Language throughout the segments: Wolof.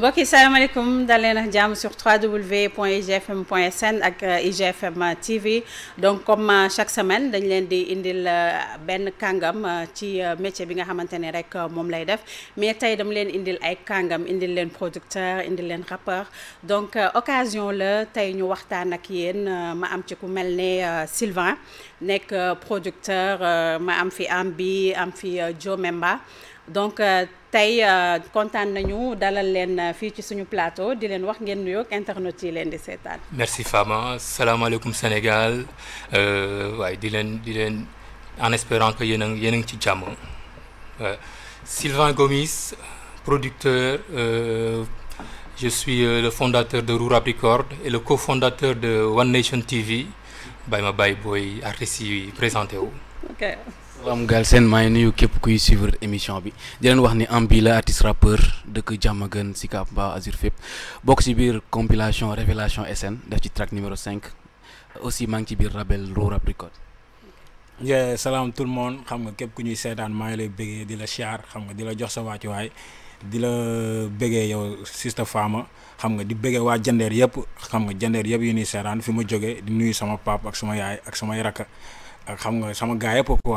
Bonjour, yi salaamaaleykum dal leen ak jàmm sur www.igfm.sn ak euh, IGFM euh, TV donc comme euh, chaque semaine dañ leen di indil benn kangam ci métier bi nga xamantene rek mom lay def mais tay dam leen indil ay kangam indil leen producteur indil leen rappeur donc occasion le tay ñu waxtaan ak yéen ma am ci ku mel ne Sylvain producteur ma am fi Ambi am fi Joe Memba donc euh, tey euh, kontaan nañu dalal leen euh, fii ci suñu plateau di leen wax ngeen nuyoog internet yi leen di merci Fama Salam alaikum, Sénégal waaye di leen di en espérant que vous a un petit Sylvain Gomis producteur euh, je suis le fondateur de Roura Record et le cofondateur de One Nation TV Je ma bye boy. yi présenté ok. salaam Galsen sen, ngi nuyu képp kuy suivre émission bi di leen wax ni Ambi la artiste rappeur sikap Diamaguène azir ba Azur fépp bok ci compilation revelation SN def ci track numéro 5 aussi mang ngi ci Rabel Raw Rap Record. yeah salam tout le monde xam nga kep ku ñuy seetaan maa lay bëggee di la xiar xam nga di la jox sa way di la bëggee yow sister Fama xam nga di bëggee wa jandeer yëpp xam nga jandeer yëpp yu ñuy sétane fi ma joggé di nuyu sama pap ak sama yaay ak sama ak xam nga sama gars yëpp quoi mm.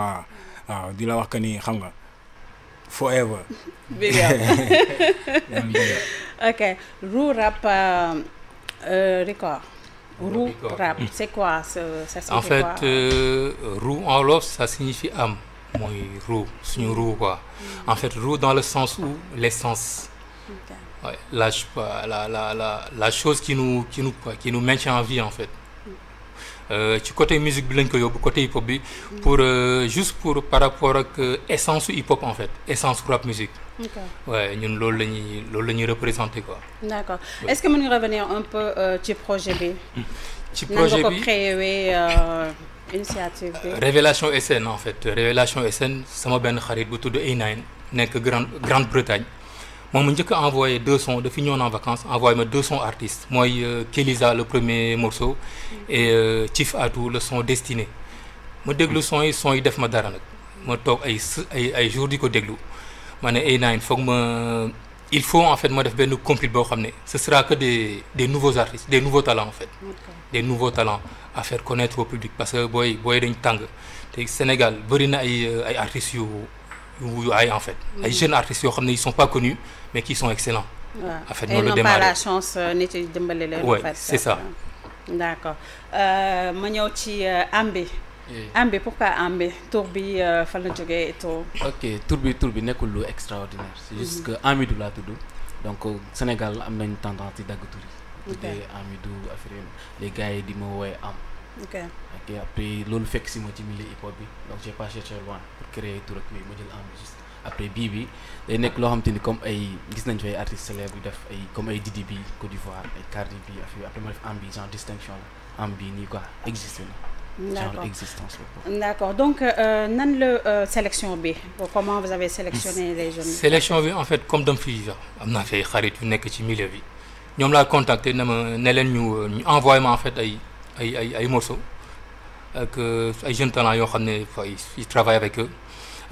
waaw di la wax que ni xam forever. ok euh, euh Rap record. Roux, Rap c'est quoi ça signifie en fait euh, roux en wolof ça signifie âme mooy c'est suñu mm. roux quoi mm. en fait roux dans le sens où l'essence. la la la la la chose qui nous qui nous qui nous maintient en vie en fait. Euh, ci côté musique bi lañ ko côté hip hop bi pour euh, juste pour par rapport ak euh, essence hip hop en fait essence rap musique. ouais ñun loolu la loolu représenter quoi. d'accord est-ce que mën nga revenir un peu ci projet bi. ci projet bi initiative Révélation SN en fait Révélation SN sama que xarit bu de A9 nekk Grande Grande-Bretagne. Moi, mu njëkk a envoyé deux sons de ñëwoon en vacances envoyer deux sons artistes Moi, euh, Kelisa, le premier morceau et euh, Chief Atou le son destiné ma déglu son ils son ils def ma dara nag ma toog ay ay ay jours di déglu il faut en fait moi def benn compil boo ce sera que des des nouveaux artistes des nouveaux talents en fait des nouveaux talents à faire connaître au public parce que Boy booy dañ tàng te Sénégal bëri ay ay artistes yu en fait ay jeunes artistes yoo ne ils sont pas connus mais qui sont excellents. Ouais. En fait, Et pas la chance de yi le leen. c'est ça. D'accord. euh, ma ñëw ci euh, Ambi. Ambe, pourquoi Ambe Tourbi, bi euh, fan la et tout. ok Tourbi, Tourbi, n'est que nekkul extraordinaire. c'est juste mhm. que Amidou laa tudd. donc euh, Sénégal am une tendance ci dagg tur ok Amidou Afrique, les gars yi di ma woowee am. ok ok après loolu fekk si ma ci milieu hip bi donc j'ai pas cherché loin pour créer tout le Je ma jël après Bibi. bi day nekk loo xam te comme ay gis nañ fa artiste artistes def ay comme ay Didi bi Côte d'Ivoire ay Cardi bi après ma def ambi genre distinction la ambi ni quoi existe genre existence d'accord donc euh, nan le euh, sélection bi comment vous avez sélectionné les jeunes. sélection bi en fait comme dama fi am naa fi xarit yu nek ci milieu bi ñom l'a contacter na ma ne ñu envoyé ma en fait ay ay ay ay morceaux ak euh, ay jeunes talents yo xamné ne fa ils travaillent avec eux.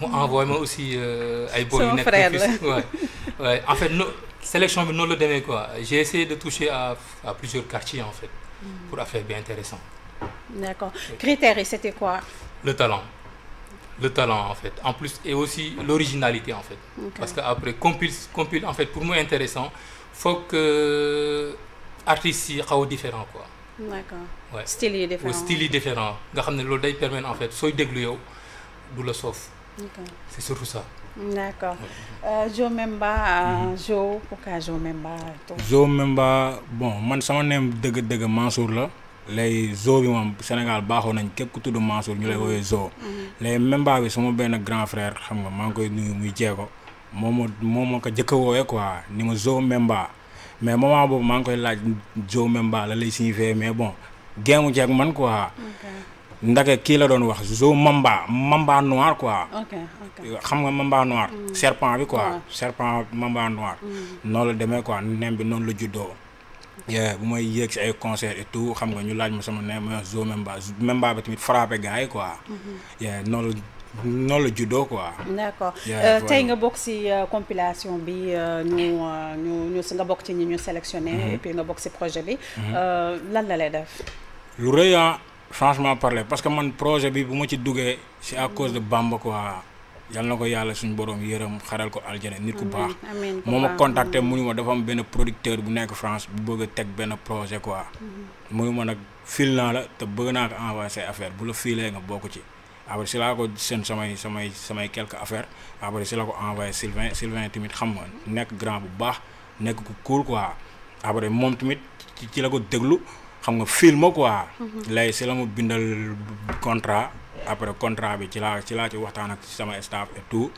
envoie moi aussi à euh, C'est en fait no sélection nous le quoi j'ai essayé de toucher à plusieurs quartiers en fait hmm. pour faire bien intéressant d'accord critères c'était quoi le talent le talent en fait en plus et aussi l'originalité en fait parce qu'après, en fait pour moi intéressant il faut que l'artiste euh, soit différent quoi d'accord ouais style est différent nga xam que en fait c'est surtout ça. D'accord. Euh, Joe Memba, mhm. euh, Joe, pourquoi Joe Memba Joe Memba, bon, man, sama un deug Mansour Les Les qui Sénégal Mansour ñu les mhm. mhm. Memba grand frère je nga koy nuyu muy Je ni Memba mais moment je koy laaj Joe Memba la lay mais bon quoi ndaga ki la doon wax zo mamba mamba noir quoi. xam nga mamba noir. Mm. serpent bi quoi serpent mamba noir. Mm. non la quoi nem bi la juddoo. bu concert et tout xam nga ñu laaj ma sama zo mamba mamba bi tamit frappé gars quoi. Mm-hmm. quoi. d'accord euh, tay nga bok euh, compilation bi euh, ñu ñu nga ci mm-hmm. et puis nga bok ci projet bi. Mm-hmm. lan la lay def. lu ah franchement parler parce que mon projet bi bu ma ci duggee c'est à cause de Bamba quoi yalla nako yalla yàlla suñu borom yeureum xaral ko aljana nit ku baax. moma ma contacté mu ma dafa am ben producteur bu nek France bu bëgg a ben projet quoi. Mhm. mu ni ma nag fil la te bëgg naa ko affaire bu la filé nga bokk ci. après c'est là ko sen samay samay samay quelques affaires après si la ko envoyé Sylvain Sylvain tamit xam nga nek grand bu baax nek ku cool quoi après mom tamit ci la ko déglu. xam nga film quoi. Mhm. lay si la mu bindal contrat après contrat bi ci laa ci laa ci waxtaan ak sama staff et tout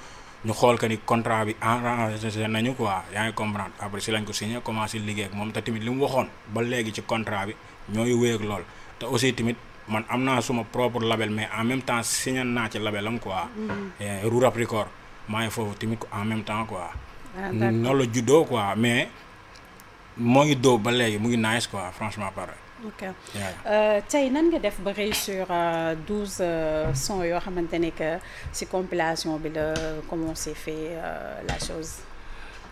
ñu xool que ni contrat bi arrangé nañu quoi yaa ngi comprendre après si lañ ko signé commencé liggéey ak moom te tamit li mu waxoon ba léegi ci contrat bi ñooy wéy ak lool te aussi tamit. man am naa suma propre label mais en même temps signé naa ci label am quoi. Mhm. Eh, Rourap Record maa ngi foofu tamit en même temps quoi. Ah, noonu la juddoo quoi mais moo ngi dóob ba léegi mu ngi nice quoi franchement pare. ok euh, euh, tay nan nga def ba réussir euh, douze sons yoo xamante ne que si compilation bi la comment fait la chose.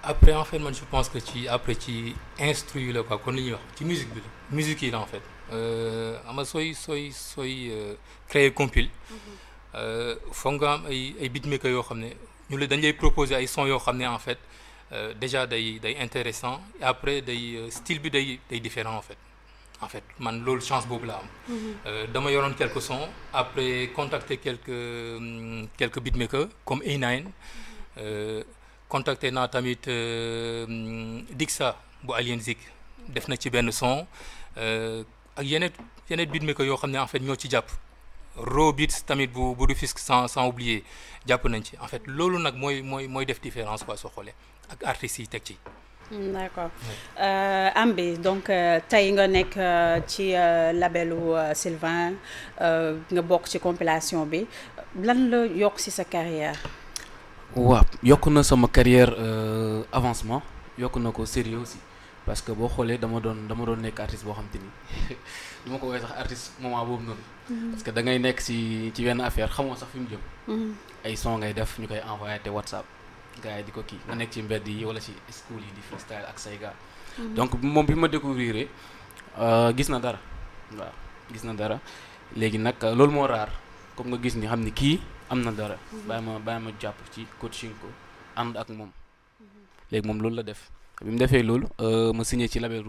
après en fait man je pense que tu après tu instruis le quoi kon ni wax ci musique bi musique il en fait ama euh, sooy soi sooy créer compil mm-hmm. foog nga am ay ay beatmaker yo xam ñu lay dañ lay proposer ay sons yo xam en fait déjà day day intéressant et après day style bi day day différent en fait en fait man loolu chance boobu la am. Mhm. Euh, dama yoron quelques sons après contacter quelques mm, quelques beatmakers comme A9 mhm. euh, contacter naa tamit euh, mm, Dixa bu Alien Zik def na ci ben son ak yeneen yeneen beatmakers yo xamné en fait ñoo ci jàpp. Robits tamit bu bu fisk sans sans oublier japp nañ ci en fait loolu nak moy moy moy def différence quoi so xolé ak artistes yi tek ci. Mm, d' accord euh, Amby donc euh, tey nga nekk euh, ci labelu Sylvain nga bokk ci compilation bi lan la yokk ci sa carrière waaw yokk na sama carrière avancement yokk na ko sérieux aussi parce que boo xoolee dama doon dama doon nekk artiste boo xam te ma ko woowee sax artiste moment boobu noonu. Mm-hmm. parce que da nek nekk ci ci benn affaire xamoo sax fi mu jëm. Mm-hmm. ay son def ñu koy envoyé te WhatsApp gars yi di ko kii nga nekk ci mbedd yi wala ci school yi di freestyle ak say gars. Mhm. donc moom bi ma découvrir euh, gis na dara waaw gis na dara léegi nag euh, loolu moo comme nga gis ni xam ni kii dara. Mhm. bàyyi ma bàyyi ci coaching ko ànd ak moom. Mhm. léegi moom loolu la def bi mu defee loolu euh, ma signé ci label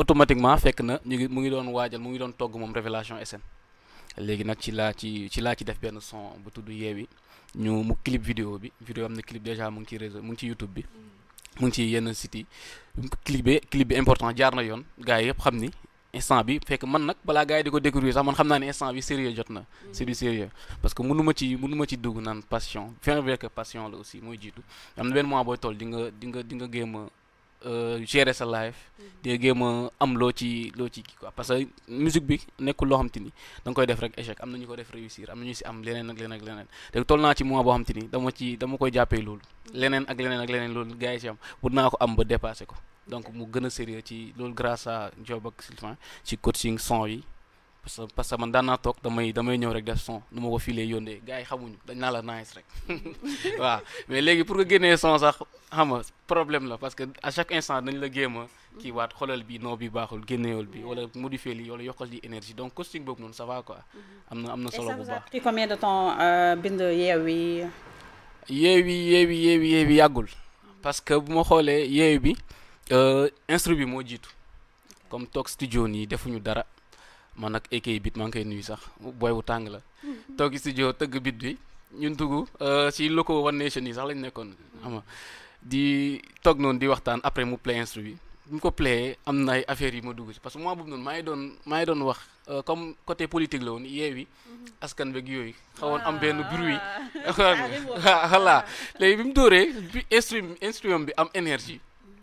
automatiquement fekk na ñu ngi ngi togg Révélation SN léegi nag ci laa ci ci ci def son bu ñu mu clip vidéo bi vidéo am na clip déjà mu ngi ci réseau mu ngi ci YouTube bi mm. mu ngi ci yenn site clip bi important jaar na yoon gars yi yëpp xam ni instant bi fekk man nag balaa gars yi di ko découvrir sax man xam naa ne instant bi sérieux jot na mm. c'est du sérieux parce que mënu ma ci mënu ci dugg naan passion bien vrai passion la aussi mooy jiitu am na benn moment booy toll di nga di nga di nga a Euh, gérer sa live dee géem a am loo ci loo ci kii quoi parce que musique bi nekkul loo xam te ni da koy def rek échec am na ñu ko def réussir am na ñu si am leneen ak leneen ak leneen te toll naa ci moment boo xam te ni dama ci dama koy jàppee loolu mm-hmm. leneen ak leneen ak leneen loolu gars yi si am pour naa ko am ba dépassé ko donc mu gën a sérieux ci loolu grâce à Job ak Sylvain ci coaching son yi parce que parce que man daan naa damay damay ñew rek def son numa ko filé yondé gaay yi xamuñu dañ na la nice rek waaw mais légui pour nga génnee son sax xam problème la parce que à chaque instant dañ la géem ki wat xolal bi non bi baaxul génneewul bi wala modifier li wala yokkal di énergie donc costing bok noonu ça va quoi amna amna solo bu baax. et ça vous a combien de temps euh, bind Yewwi. Yewwi Yewwi Yewwi Yewwi yàggul parce que buma xolé yew bi euh instru bi moo jiitu comme toog studio ni defuñu dara. man nag équipe bit maa ngi koy nuyu sax booy bu tàng la mm-hmm. toog studio tëgg bit bi ñun dugg si euh, loco One Nation yi sax lañ nekkoon xam nga di toog noonu di waxtaan après mu play instru bi bu ko playee am na ay affaires yi ma dugg ci parce que mois boobu noonu maa doon maa ngi doon wax euh, comme côté politique la woon yeewi mm-hmm. askan beeg yooyu xawoon am benn bruit ah. ah, voilà léegi bi mu dóoree instrument bi am énergie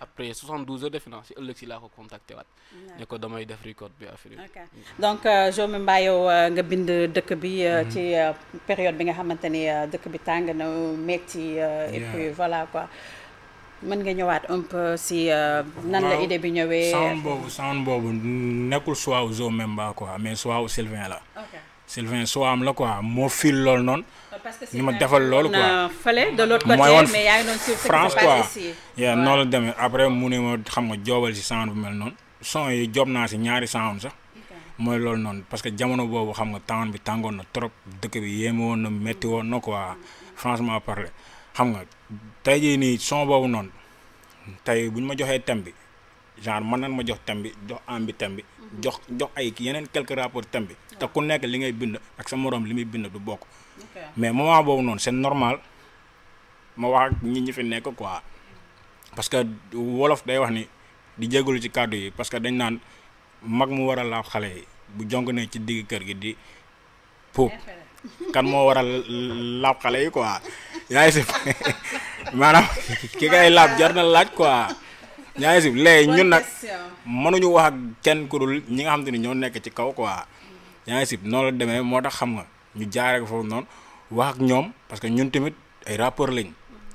après 72 heures de naa si ëllëg si laa ko contacté waat. ne ko damay def record bi affaire donc euh, je me yow euh, nga bind dëkk bi. Euh, mhm. ci période bi nga xamanteni ni dëkk bi tang na metti et puis voilà quoi. mën nga ñëwaat un peu si nan la idée bi ñëwee. sound boobu sound boobu nekkul soit au Jomé Mbaye quoi mais soit au Sylvain la. Sylvain soo am la quoi moo fiil loolu noonu. ñu ma defal loolu quoi euh, fële de l'autre côté noonu la demee après mu ne ma xam nga joobal si sound bu mel noonu son yi joob naa si ñaari sound sax mooy loolu noonu parce que jamono boobu xam nga temps bi tàngoon na trop dëkk bi yéeme woon na métti na quoi franchement parler xam nga tey jii nii son boobu noonu tey bu ñu ma joxee thème bi genre mën nañ ma jox thème bi jox am bi thème mhm. jox jox ay yeneen quelques rapport thème bi te ku nekk li ngay bind ak sa moroom li muy bind du bokk. mais moment boobu noonu c'est normal ma wax ak ñi ñi fi nekk quoi parce que wolof day wax ni di jégalu ci kàddu yi parce que dañ naan mag mu war a laab xale yi bu jonk ne ci digg kër gi di puub kan moo war a laab xale yi quoi yaa maanaam ki ngay laab jar na laaj quoi. yaa ngi si léegi ñun nag mënuñu wax ak kenn kurul ñi nga xam te ni ñoo nekk ci kaw quoi. yaa ngi si noonu la demee moo tax xam nga ñu jaaree ko foofu noonu wax ak ñoom parce que ñun tamit ay rappeurs lañ.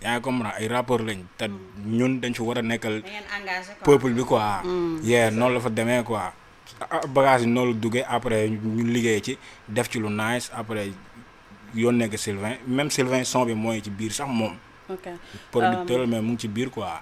yaa ay rappeurs lañ te ñun dañ fi war a nekkal. peuple bi quoi. Mm. yee noonu la fa demee quoi. bagage yi noonu la duggee après ñu liggéey ci def ci lu nice après yoon nekk Sylvain même Sylvain son bi mooy ci biir sax moom. ok producteur euh, mais mu ngi ci biir quoi.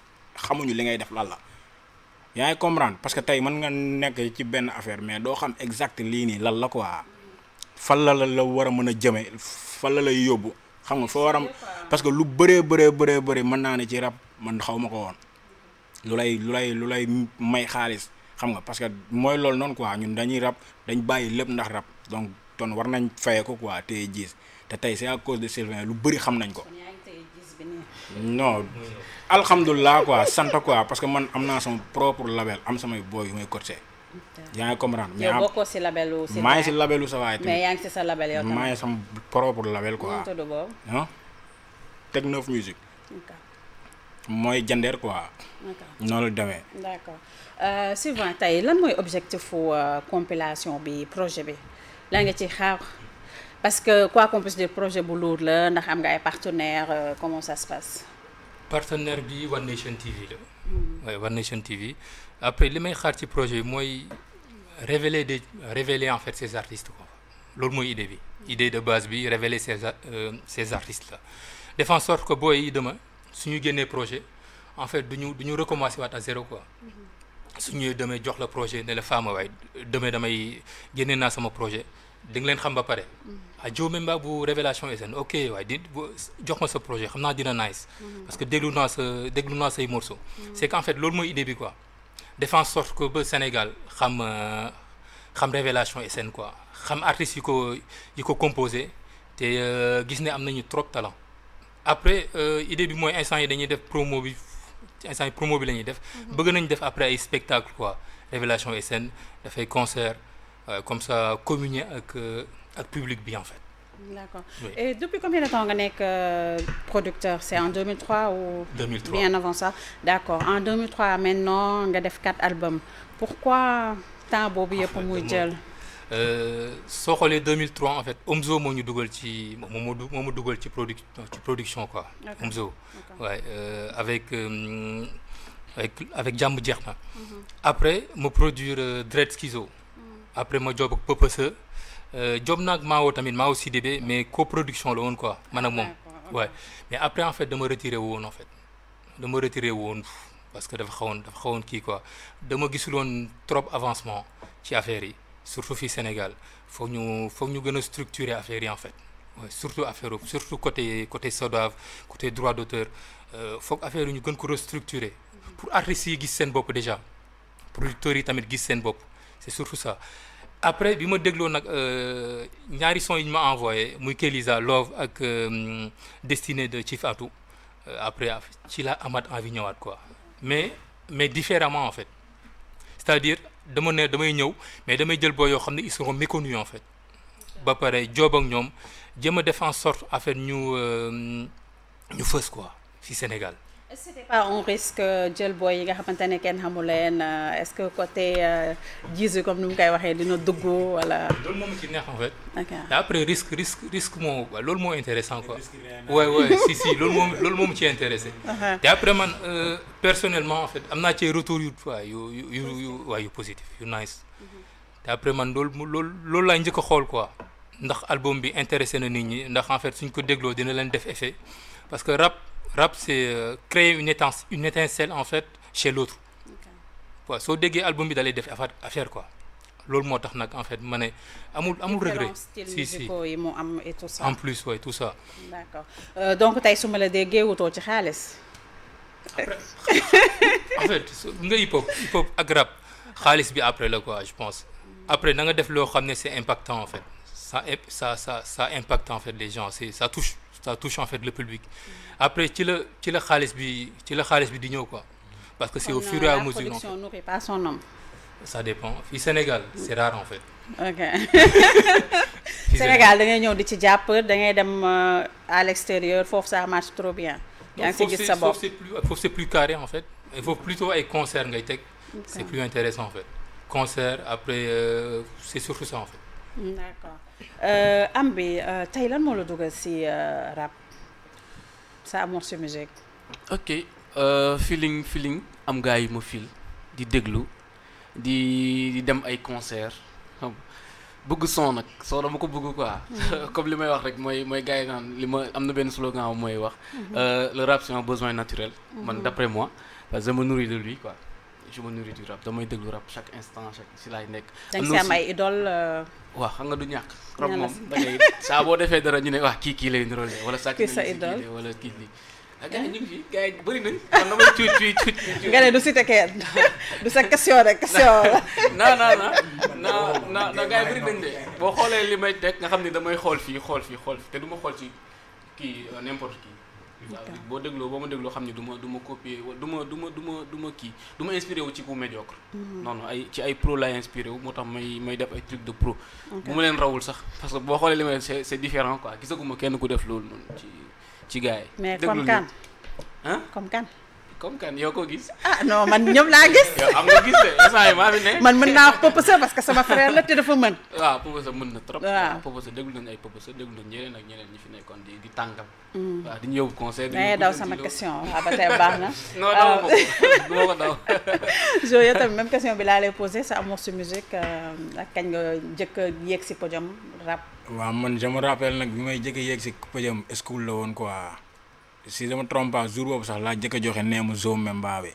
xamuñu li ngay def lan la yaay comprendre parce que tay man nga nek ci ben affaire mais do xam exact li ni lan la quoi fa la la wara war mana fa la lay yobbu xam nga fo wara parce que lu bëree bëree bëree bëri man na ne ci rap man xawmako won ko woon lu lay lu lay lu lay may xaliss xam nga parce que moy lol non quoi ñun dañuy rap dañ bayyi lepp ndax rap donc ton war nañ fayé ko quoi tay gis te tay c'est à cause de Sylvain lu bëri xam nañ ko non alhamdulilah quoi sante quoi parce que man amna son propre label am samay boy, moy may ya yaa ngi comprendre mais yow bokkoo si labelu. si maa ngi si labelu sa waay. mais yaa ngi si sa label yo tamit maa ngi propre label quoi. nu do Bob. boobu ah. Music. moy jandeer quoi. Non le demee. d'accord euh, suivant tay lan moy objectif euh, compilation bi projet bi la nga ci xaar parce que quoi qu'on puisse dire projet bu lourd la ndax am nga ay partenaires euh, comment ça se passe partenaire bi One Nation TV là. Hmm. One Nation TV après li may xaar ci projet bi révéler de, révéler en fait ces artistes quoi loolu idée bi idée de base bi révéler ces euh, ces artistes là def en sorte que booy yi demain suñu le projet en fait duñu duñu recommencer à zéro quoi. Hmm. suñu demee jox la projet ne la femme waay demain damay génne naa sama projet di nga leen xam ba pare mm-hmm. a jiw même ba bu révélation scène, ok waaye di jox ma sa projet xam naa dina nice mm-hmm. parce que déglu naa sa déglu naa say morceau mm-hmm. c'est qu'en fait loolu mooy idée bi quoi def en sorte que ba Sénégal xam euh, xam révélation scène quoi xam artistes yi ko yi ko composé te euh, gis ne am nañu trop talent après euh, idée bi mooy instant yi dañuy def promo bi instant yi promo bi la ñuy def bëgg nañ def après ay spectacle quoi révélation SN dafay concert euh, comme ça communier avec le euh, public bien en fait. D'accord. Et depuis combien de temps vous euh, êtes producteur C'est en 2003 ou bien avant ça D'accord. En 2003, maintenant, on a fait 4 albums. Pourquoi tant de pour Moudjel que les 2003, en fait, Omzo m'a en production. Quoi. Okay. Omzo. Ouais, euh, avec, euh, avec, avec djamou djerma mhm. Après, me produire Dread Schizo après mon job ak ça, euh, job naag Mao tamit aussi CDB mais coproduction la quoi man ak ouais. mais après en fait de me retirer woon en fait de me retirer où parce que dafa xawone dafa xawone ki quoi dama gissulone trop avancement ci affaire yi surtout fi Sénégal faut ñu faut ñu gëna a structurer affaire yi en fait. Ouais, surtout affaire surtout côté côté SODAV côté droit d'auteur euh, faut affaire ñu gën ko restructurer pour artistes yi giss sen bopp déjà producteurs yi tamit giss sen bopp c'est surtout ça après je me suis dit que son yi ma envoyé Love ak euh, Destinée de Chief Atou euh, après il la amaat envie mais mais différemment en fait c'est-à-dire je suis damay mais je jël suis dit ils seront méconnus en fait ba a en sorte affaire ñu euh, ñu quoi si Sénégal est-ce que pas risque djel euh, boy yi nga xamante ken kenn euh, est-ce que côté euh, jiisu comme nous kay koy dina dugg wala. loolu moom ci neex en fait. après risque risque risque mo lool mo intéressant quoi. ouais ouais si si lool moom lool moom ci intéressé. Uh-huh. te après man personnellement en fait amna ci retour yu waa yu yu yu yu positif yu nice. Mm-hmm. te après man lool lool loolu laa njëkk quoi ndax album bi intéressé na nit ñi ndax en fait suñ ko déglo dina leen def effet parce que rap rap c'est euh, créer une étincelle, une étincelle en fait chez l'autre waaw soo dégué album bi dalay def affaire quoi loolu moo nak en fait mané ne amul amul regret si si am et tout ça en plus ouais tout ça d'accord euh, donc tay su ma la déggee wutoo ci xaalis en fait nga hip hop hip hop ak rap bi après là quoi je pense après nga def lo xamné c'est impactant en fait ça ça ça ça impacte en fait les gens c'est ça touche ça touche en fait le public après ci le, ci la xaalis bi ci la xaalis bi di ñëw quoi parce que c'est au fur et à euh, mesure. non ça dépend au Sénégal c'est rare en fait. ok Sénégal da ngay ñëw di ci japp da ngay dem euh, à l'extérieur Faut ça marche trop bien. il faut c'est plus carré en fait il faut plutôt être concert ngay c'est plus intéressant en fait. concert après euh, c'est surtout ça en fait. d'accord ambi bi tey lan moo la dugal ci rap ça musique. ok euh, feeling feeling am gars mo di déglu di di dem ay concert beaucoup son beaucoup quoi. Hmm. comme le wax moi slogan hmm. euh, le rap c'est un besoin naturel. Hmm. d'après moi je me nourris de lui quoi. je me nourris du rap damay déglu rap chaque instant chaque si laay nekk. am am ay idole. Euh, waaw xam nga du ñàkk. rap moom saa boo defee dara ñu ne waa kii kii lay nirole wala sa kii sa idole wala kii lii. ah gars yi ñu ngi fi gars yi bëri nañ kon damay nga ne du cité kenn du sa question rek question la. non non non non non gars yi bëri nañ de boo xoolee li may teg nga xam ne damay xool fii xool fii xool fii te du ma xool ci kii euh, n'importe qui. bo boo bo boo ma dégloo xam duma du copier duma duma duma ma du ma inspiré wu ci ku médiocre mhm. non non ay ci ay pro la inspiré wu moo may may def ay truc de pro bu ma leen rawul sax parce que bo xolé li may c'est c'est différent quoi gisaguma kenn ku def loolu noonu ci ci gaay yi mais hein? comme kan ah comme kan comme kan yoko ya, gis ah non man ñom la gis yow ya, am nga gis de ya, say ma bi ne man mëna naa popesa parce que sama frère la té dafa mën waaw popesa mën na trop popesa déglu nañ ay popesa déglu nañ ñeneen ak ñeneen ñi fi nekkon di di tangam waaw di ñëw conseil di mais daw sama question ah ba tey baax na non daw ma du ko daw jo yow tam même question bi la lay poser sa amour sur musique eh, ak kañ nga jëk yegg podium rap waaw man je me rappelle nag bi may jëk yegg podium school la woon quoi si dama trompe pas jour boobu sax laa njëkk joxe nee ma zoom même mbaawe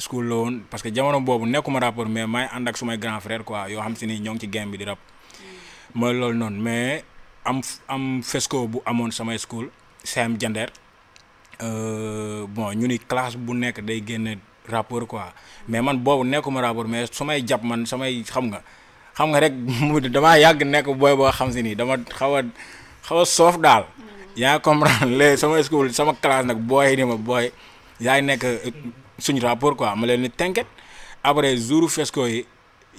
school la woon parce que jamono boobu nekkuma rapport mais maay ànd ak sumay grand frère quoi yoo xam si ni ñoo ngi ci game bi di rap mm. mooy loolu noonu mais am am fesco bu amoon samay school CM Jander euh, bon ñu ni classe bu nekk day génne rapport quoi mais man boobu nekkuma rapport mais su may jàpp man samay xam nga xam nga rek mu damaa yàgg nekk booy boo xam si ni dama xaw a xaw a soof daal yaa comprendre léegi sama school sama classe nag booy ni ma booy yaay nekk eh, suñu rapport quoi ma leen ni tënket après jouru fesco yi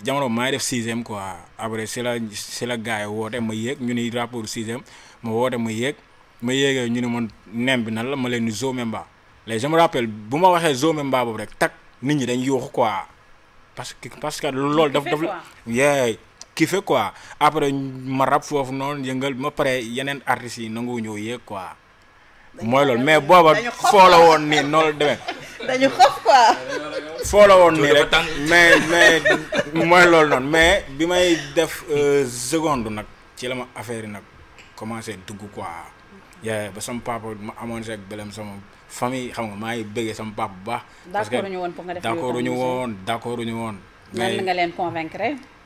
jamono maay def sixième quoi après si la si la gars yi woote ma yéeg ñu ni rapport sixième ma woote ma yéeg ma yéegee ñu ne man nem bi nan la ma leen ni Zomemba léegi je me rappelle bu ma waxee Zomemba boobu rek tak nit ñi dañ yuuxu quoi parce que parce que loolu daf daf yeey ki fe quoi après ma rab foofu noonu yëngal ma pare yeneen artistes yi nangu ñëw yéeg quoi mooy loolu mais booba foo la woon nii noonu la demee dañu xof quoi foo la woon nii rek mais mooy loolu noonu mais bi may def euh, seconde nag ci la ma affaire yi nag commencé dugg quoi yee ba sama papa ma amoon seeg belem sama famille xam nga maa ngi bëggee sama papa ba baax parce que ñu woon d'accord ñu woon d'accord ñu woon mais nga leen convaincre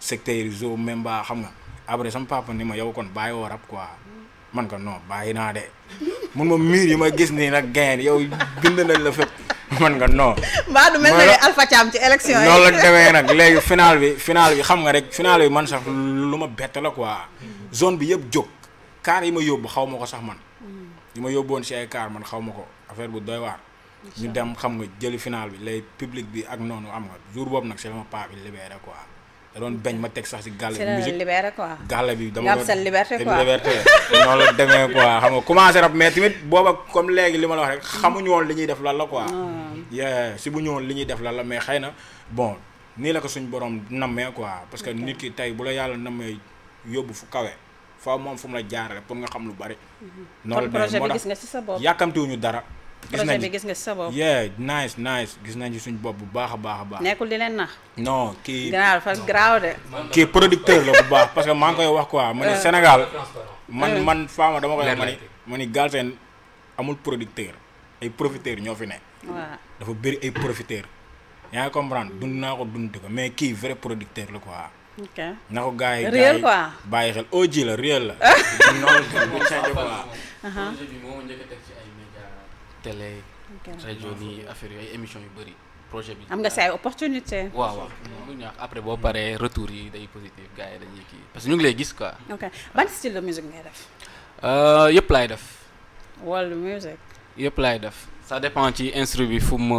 secteurs même ba xam nga après sama papa ni ma yow kon bàyyi woo rab quoi man ko non bàyyi naa de mun ma miir yi ma gis nii nag gaynde yow bind nañ la fépp man nga non. mbaa du mel ne Alpha Thiam ci élection yi. noonu la demee nag léegi final bi final bi xam nga rek final bi man sax lu ma bett la quoi zone bi yëpp jóg kaar yi ma yóbbu xaw ma ko sax man. yi ma yóbbu woon si ay kaar man xaw ma ko affaire bu doy waar. ñu dem xam nga jëli final bi lay public bi ak noonu am nga jour boobu nag c'est ma paa quoi. da doon bañ ma teg sax si gàll bi. musique libéré dama liberté quoi liberté noonu xam nga commencé rap mais tamit booba comme léegi li ma la wax rek xamuñu woon li ñuy def lan la quoi. Hmm. si bu ñu woon li ñuy def lan la mais xay na bon nii la ko suñu borom nammee quoi. parce nit ki tey bu la yàlla nammee yóbbu fu kawe. faaw moom fu mu la jaarale pour nga xam lu bari. Hmm. noonu la projet bi gis yàkkamtiwuñu dara. gis nañu projet gis nga sa bopp. yeah nice nice gis nañu suñu bopp bu baax a baax a baax. nekkul di leen nax. non kii garaaw de. kii producteur la bu baax parce que maa ngi koy wax quoi. ma ne euh. Sénégal man euh. man Fama dama koy wax ma ni ma ni amul producteur ay profiteurs ñoo fi ne. dafa bëri ay profiteurs. yaa ngi comprendre dund naa ko dund ko mais kii vrai producteur la quoi. ok na ko gars yi. réel quoi bàyyi xel OG télé. rajo nii affaire yooyu émission yu bëri projet bi. am nga say opportunité. waaw waaw mu ñaax après boo paree retour yi day positif gars yi dañuy kii parce que ñu ngi lay gis quoi. ok ban style de musique ngay def. Euh, yëpp laay def. world music. yëpp laay def sa dépend ci instru bi fu ma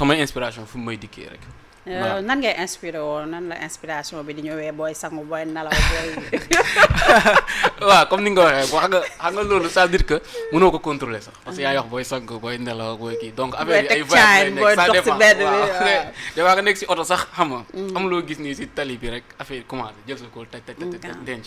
samay inspiration fu may dikkee rek. Euh, nan ngay inspiré woo nan la inspiration bi di ñëwee booy sangu booy nelaw booy. waaw comme ni nga ko waxee wax nga xam nga loolu ça veut dire que mënoo ko contrôler sax parce que yaa ngi wax booy sangu booy nelaw booy kii donc. affaire yi ay voyages lay nekk ça nekk si oto sax xam nga. Mm. am loo gis nii si tali bi rek affaire yi commencé jël sa kóol taj taj taj denc.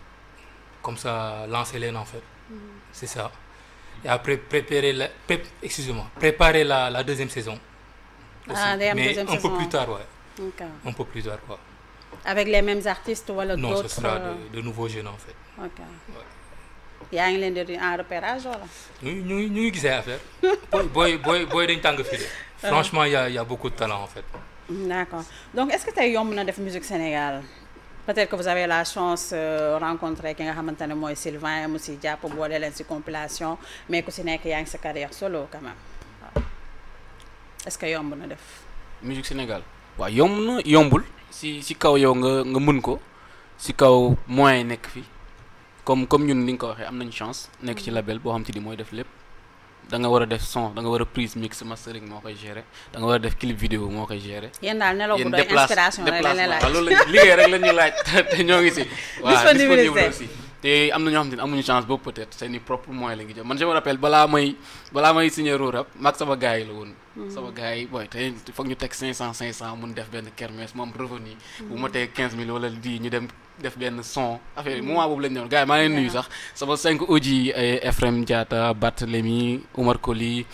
comme ça lancer l'aine en fait. Mm-hmm. C'est ça. Et après préparer la, moi préparer la, deuxième saison. Ah, Mais un peu plus hein. tard, ouais. Un peu plus tard, quoi. Avec les mêmes artistes ou alors d'autres Non, ce sera euh, de, nouveaux jeunes en fait. Ok. Ouais. Il y a un, un repérage voilà. Nous, nous, nous, nous à faire. boy, boy, boy, Franchement, il y, a, y a beaucoup de talent en fait. D'accord. Donc, est-ce que tu as eu la musique Sénégale peut-être que vous avez la chance euh, rencontrer ki nga xamante ne Sylvain mu si jàpp boole leen compilation mais ku si nekk sa carrière solo quand même est-ce que yomb na def. Musique Sénégal waaw yomb na yombul si si kaw yow nga nga mën ko si kaw moins yi nekk fi comme comme ñun ni nga chance, waxee am nañ chance nekk ci label pour xam te ni mooy def da war a def son da war a prise mix mastering moo koy gérer da war a def clip vidéo moo koy gérer. yéen daal nelaw bu doy inspiration rek la laaj loolu la liggéey te ñoo ngi si. disponible aussi te am na ñoo xam ne amuñu chance boobu peut-être seen i propre moyen la ngi jëm man je me balaa may balaa may signé Rorab mag sama gars yi la woon. Hmm. sama gars yi booy tey foog ñu teg 500 500 mun def benn kermesse moom revenu. Hmm. bu ma teg 15000 wala 10 ñu dem. def ben son affaire yi mm. moment boobu lañ ñëw gars yi maa leen nuyu sax sama 5 auditeurs eh, yi Ephraim Diatta Barthélemy Omar Koli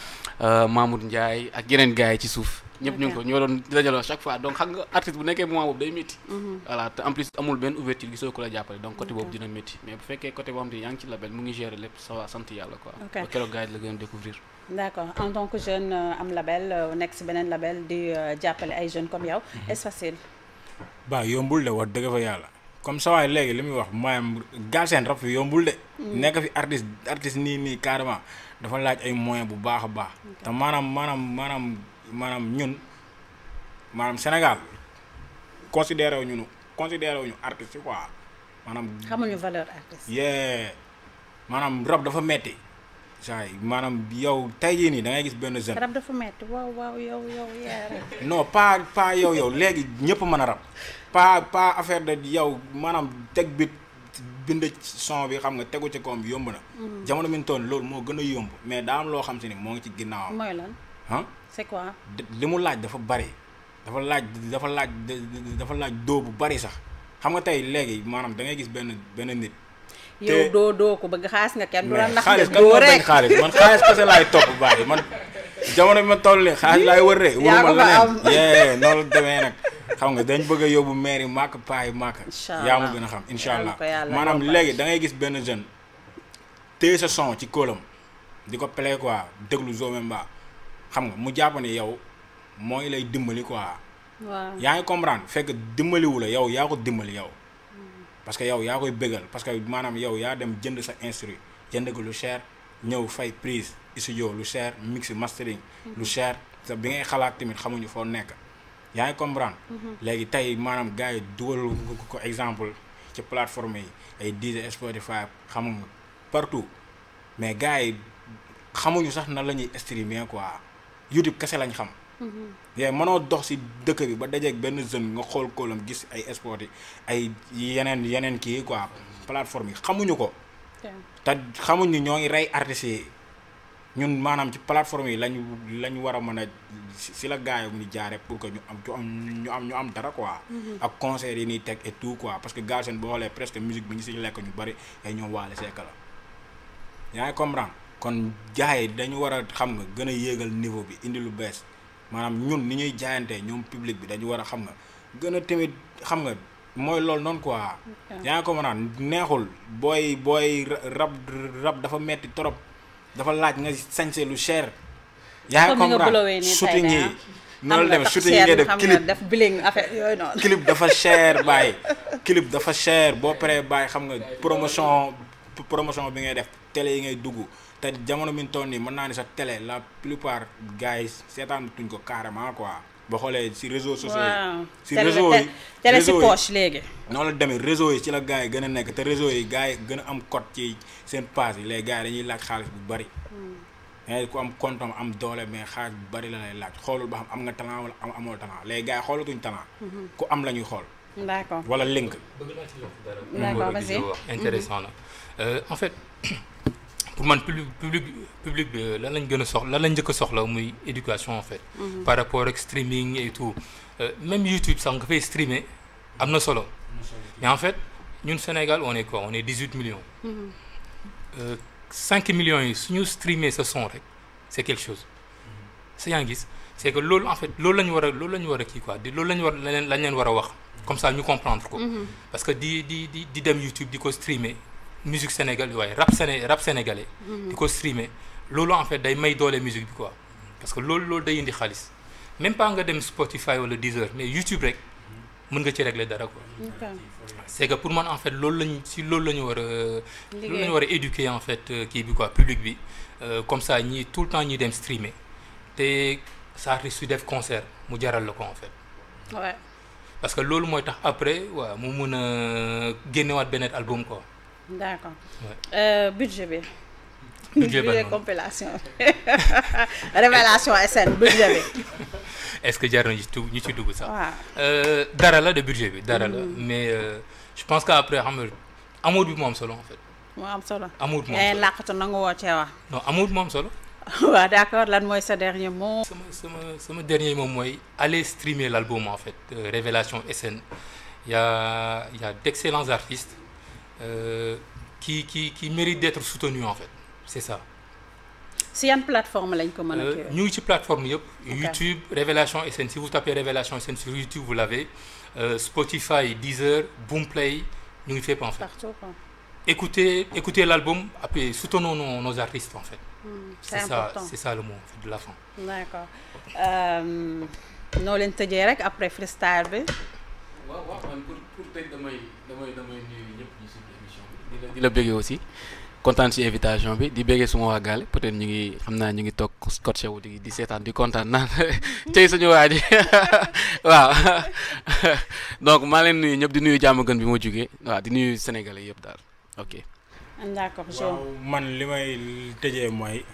euh, Mamour Ndiaye ak yenen gars yi ci souf ñep ñu ko ñoo doon dajaloo chaque fois donc xam nga artiste bu nekké moment bob day metti mm-hmm. voilà te en plus amul ben ouverture gisoo ko la jappalé donc côté bob dina metti mais bu fekkee côté boo xam te yaa ci label mu ngi gérer lépp ça va sant quoi. kéro ba gars la gën découvrir. D'accord. en tant que jeune euh, am label euh, nekk si beneen label di jàppale ay jeunes comme yow mm-hmm. est-ce facile. ba yombul de wax dëgg fa yàlla comme saa léegi li muy wax maanaam Galsen rap fi yombul de. Mm. nekk fi artiste artiste nii nii carrément dafa laaj ay moyen bu baax a baax. te maanaam maanaam maanaam maanaam ñun maanaam Sénégal considéré wu ñu considéré wu ñu artiste quoi maanaam. xamuñu yee maanaam rap dafa metti saa yi maanaam yow tey jii nii da ngay gis benn jeune. rab dafa métti waaw waaw yow yaa rab. non pas pas yow yow léegi ñëpp mën a rab paa pas affaire de yow maanaam teg bi bind son bi xam nga tegu ci koom yomb na. Mm. jamono mi toon loolu moo gën a yomb mais daa am loo xam si ne moo ngi ci ginnaawam. am lan ah. c'est quoi. li mu laaj dafa bari dafa laaj dafa laaj dafa laaj doo bu bari sax xam nga tey léegi maanaam da ngay gis benn benn nit. yow doo doo ko bëgg xaalis nga kenn du la nax xaalis kan moo bañ xaalis man xaalis kese laay topp bàyyi man jamono bi ma toll nii xaalis laay wër de wër demee nag xam nga dañ bëgg a yóbbu maire yi màkk paa yi màkk yaa ma gën a xam incha maanaam léegi da gis benn jeune téye sa son ci kóolam di ko play quoi déglu Zomemba xam nga mu jàpp ne yow mooy lay dimbali quoi yaa ngi comprendre fekk dimbaliwu la yow yaa ko dimbali yow parce que yow ya koy bëggal parce que manam yow ya dem jënd sa instru jënd ko cher ñëw fay prise studio lu cher mix mastering lu mhm. cher te bi ngay xalaat tamit xamuñu foo nekk yaa ngi comprendre mhm. léegi tey maanaam gars ko exemple ci Spotify partout mais gars xamuñu sax nan la quoi YouTube lañ Mm-hmm. yee mënoo dox si dëkk bi ba dajeeg benn jeune nga xool koolam gis ay sport yi ay yeneen yeneen kii quoi plateforme yi xamuñu ko te xamuñu ñoo ngi rey artistes yi ñun maanaam ci plateforme yi lañu lañu war a mën a si la gaayam ni jaare pour que ñu am ñu am ñu am dara quoi mm-hmm. ak concert yi ni teg et tout quoi parce que Galsen boo xoolee presque musique bi ñu siñu lekk ñu bëri ay ñoom waale seeka la yaa ngi comprendre kon jaay dañu war a xam nga gën a yéegal niveau bi indi lu bees maanaam ñun ni ñuy jaayantee ñoom public bi dañu war a xam nga gën a tamit xam nga mooy loolu noonu quoi. yaa ngi ko mën neexul booy booy rab rab dafa metti trop dafa laaj nga sañse lu cher. yaa ko comprendre shooting yi ah. noonu la dem shooting yi ngay def clip def bling affaire yooyu dafa cher bàyyi clip dafa cher boo paree bàyyi xam nga promotion promotion bi ngay def. télé yi ngay dugg te jamono min tonni toll mën naa sa télé la plupart guys yi tuñ ko carrément quoi. ba xolé ci réseaux sociaux yi. si réseau yi télé ci poche léegi. non la demee réseau yi ci la gars yi gëna nek té te réseau yi gars yi gëna am code ci sen page yi les gars dañuy laaj xaalis bu bari. Hmm. mais ku am compte am doole mais xaar bu bari la lay laaj xoolul ba xam am nga talent wala am amoo talent les gars yi xoolatuñ talent. Hmm. ku am lañuy ñuy xool. d'accord wala link. bëgg naa ci wax dara. d'accord vas-y intéressant na hmm. euh, en fait pour man public public public la euh, lan lañ gën a soxla lan lañ njëkk a muy éducation en fait. Mhm. par rapport au streaming et tout euh, même YouTube ça nga fay streamer à nos solo. mais en fait ñun Sénégal on est quoi on est 18 huit millions. 5 mhm. euh, millions yi nous streamer ce son rek quelque chose. c'est mhm. yaa ngi gis c' que loolu en fait loolu la ñu war la quoi di loolu la ñu lañ leen wax comme ça ñu comprendre quoi parce que di di di di dem YouTube dit ko streamer musique sénégalaise, ouais rap séné rap sénégalais. Mhm. di ko streamer lolo en fait day may doole musique bi quoi parce que lolo loolu day indi xaalis même pas nga dem Spotify wala Deezer mais YouTube rek mon nga ci régler dara quoi. c'est que pour moi en fait lolo lañ si lolo la ñu war a. éduquer en fait qui euh, bi quoi public bi euh, comme ça ñii tout le temps ñuy dem streamer et ça risque su def concert mu jaral la en fait. parce que lolo moi tax après ouais mu mon gagner un beneen album quoi d'accord euh, budget B. budget de ben compilation révélation SN budget B. est-ce que tu as ñu ci ça ça waaw de budget bi dara hmm. mais euh, je pense qu'après amour du monde solo en fait. am solo amour du monde eh, non amour du monde solo. d'accord lan moi ce dernier mot. C'est le dernier mot moi, aller streamer l'album en fait euh, Révélation SN y a y a d'excellents artistes. Euh, qui, qui, qui mérite d'être soutenu en fait c'est ça c'est une plateforme là ko on a euh, ñu plateforme YouTube Révélation SN si vous tapez Révélation SN sur YouTube vous l'avez euh, Spotify Deezer Boomplay nous ñu fait pas en fait partout écoutez l'album après soutenons nos, artistes en fait hmm, c'est ça c'est ça le mot de la fin d'accord nous leen après freestyle pour pour di la béggee aussi kontaan ci invitation bi di bëggee suma waa gaale peut-être ñu ngi xam naa ñu ngi toog scotché wu di di seetaan di kontaan naan tey suñu waa ji waaw donc maa leen nuyu ñëpp di nuyu jàmm gën bi ma jógee waa di nuyu sénégalais yëpp daal ok. d'accord waaw man li may tëjee mooy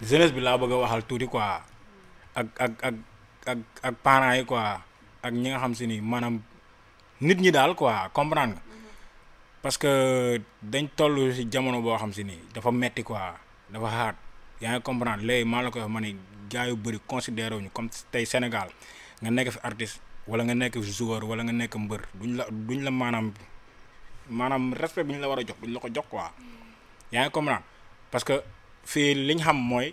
jeunesse bi laa bëgg a waxal tuuti quoi ak ak ak ak parent parents yi quoi ak ñi nga xam si ni maanaam nit ñi daal quoi comprendre nga. parce que dañ toll si jamono boo xam si ni dafa metti quoi dafa xaat yaa ngi comprendre léegi maa la koy wax ma ne yu bëri considéré wuñu comme tey Sénégal nga nekk fi artiste wala nga nekk fi joueur wala nga nekk mbër duñ la duñ la maanaam maanaam respect bi ñu la war a jox duñ la ko jox koi yaa ngi comprendre parce que fii liñ xam mooy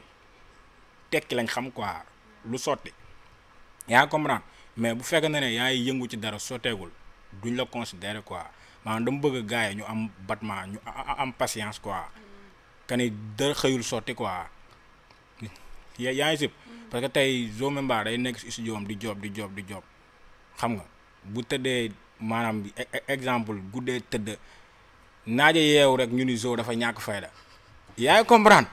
tekki lañ xam quoi lu sotti yaa ngi comprendre mais bu fekkee ne ne yaa ngi yëngu ci dara sotteegul duñ la considéré quoi. maanaam dama bëgg gars yi ñu am battement ñu am patience quoi mm. que ni dara xëyul sotti quoi yaa ngi sib mm. parce que tey Zo Memba day nekk si studio am di job di job di job xam nga bu tëddee maanaam e, e, exemple guddee tëdd naaje yeewu rek ñu ni Zo dafa ñàkk fayda yaa ngi comprendre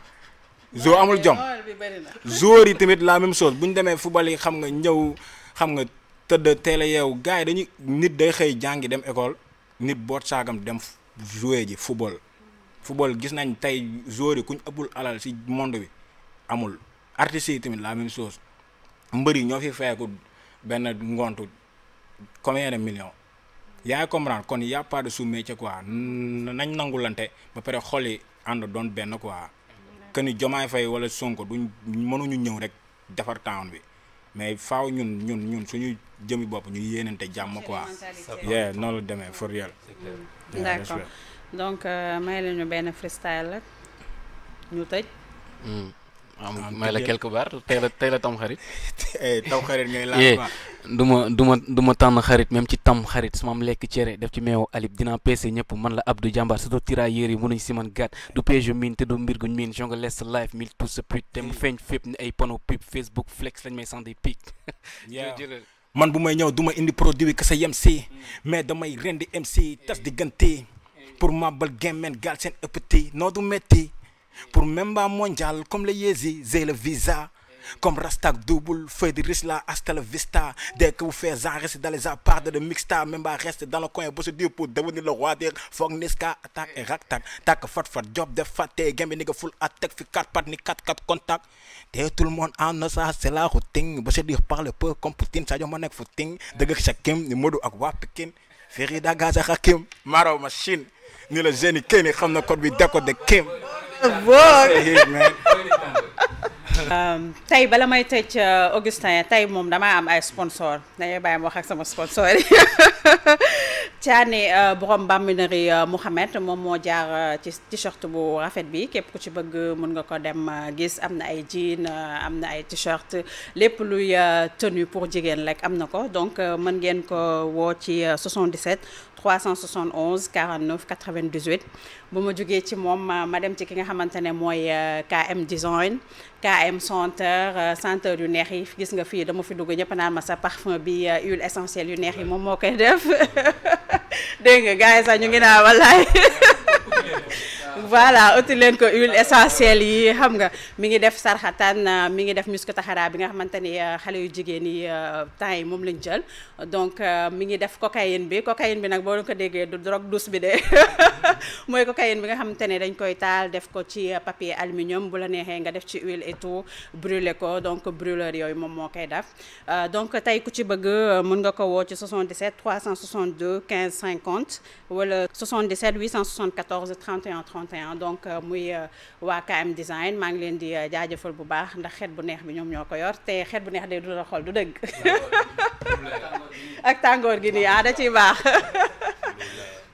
Zo amul jom joueurs yi tamit la même chose bu ñu demee football yi xam nga ñëw xam nga tëdd teel a yeewu gars yi dañuy nit day xëy jàngi dem école nit boot saagam dem jouer ji football football gis nañ tey joueur yi kuñ ëppul alal si monde bi amul artistes yi tamit la même chose mbër yi ñoo fi fayeku benn ngontu comme de millions yaa ngi kon y' a pas de sous-métier quoi nañ nangulante ba pare xol ànd doon benn quoi que ni Diomaye wala Sonko duñ mënuñu ñëw rek defar town bi. mais faaw ñun ñun ñun suñu jëmi bopp ñu yéenante jàmm quoi. yeah noonu la demee for real. d'accord donc euh, may lañu benn freestyle la ñu tëj. Hmm. am may la quelque part tey la tey la tam xarit. Eh, tam xarit ngay laaj quoi eh, duma duma du ma tànn xarit même ci tam xarit su ma am lekk cere def ci meewu alib dinaa peese ñëpp man la Abdou Jàmbaar surtout tirailleurs yi mënuñ si man gat du pege mine te du mbir guñ mine jonga les life mille tout ce pute te mu eh. feeñ fépp ni ay panneau pub Facebook flex lañ may sant di pic. man bu may ñëw duma indi produit que sa yem si mm. mais damay rendi MC tas di gante pour mabal gémmeen gal sen ëppati noo du metti pour Memba mondial, comme les Yezi, c'est le visa. Comme Rastak Double, Frédéric, de Risla, là, vista. Dès que vous faites un reste dans les apparts de mixta, même pas reste dans le coin pour êtes dur pour devenir le roi de Fong Niska, attaque et rack Tak, fat fat, job de faté, game nigga full attack, fi 4 ni 4 4 contact. tout le monde en ça, c'est la routine. Bosse dire parle peu comme Poutine, ça y est mon neck footing. De gueule chakim, ni modo agwa pekin. Ferida Gaza Hakim, Maro Machine, ni le génie Kenny, comme le code de Kim. Um, tey bala may tey tëj uh, Augustin tey moom damaa am ay sponsor dañuy bàyyi ma wax ak sama sponsor yi Thiané uh, borom bambinerie uh, Mouhamed moom moo jaar ci t-shirt bu rafet bi képp ku ci bëgg mun nga ko dem gis am na ay jean am na ay t-shirt lépp luy tenue pour jigéen lekk am na ko donc mën ngeen ko woo ci 77 371 49 98 bu ma ci mom ma ci KM euh, design KM centre euh, Center. yu gis nga de dama fi dugg ma parfum bi euh, huile essentielle yu mom mokay def voilà uti leen ko huile essentielle yi xam nga mi ngi def sarxatan mi ngi def musku tahara bi nga xamanteni ni euh, yu jigéen yi euh, temps yi mom lañ jël donc euh, mi ngi def cocaïne bi cocaïne bi nak bo leen ko du drogue douce bi de moy cocaïne bi nga xamanteni dañ koy taal def ko ci papier aluminium bu la nexé nga def ci huile et tout brûler ko donc brûleur yoy mom moo koy def donc tay ku ci bëgg mën nga ko wo ci 77 362 15 50 wala 77 874 31 30 2021 donc euh, muy euh, waa KM design maa ngi leen di euh, jaajëfal bu baax ndax xet bu neex bi ñoom ñoo ko yor te xet bu neex de du la xool du dëgg ak tàngoor gi nii ah da ciy baax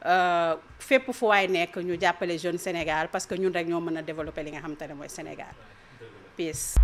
pour pour Que nous ñu les jeunes Sénégal parce que nous devons développer li nga Sénégal peace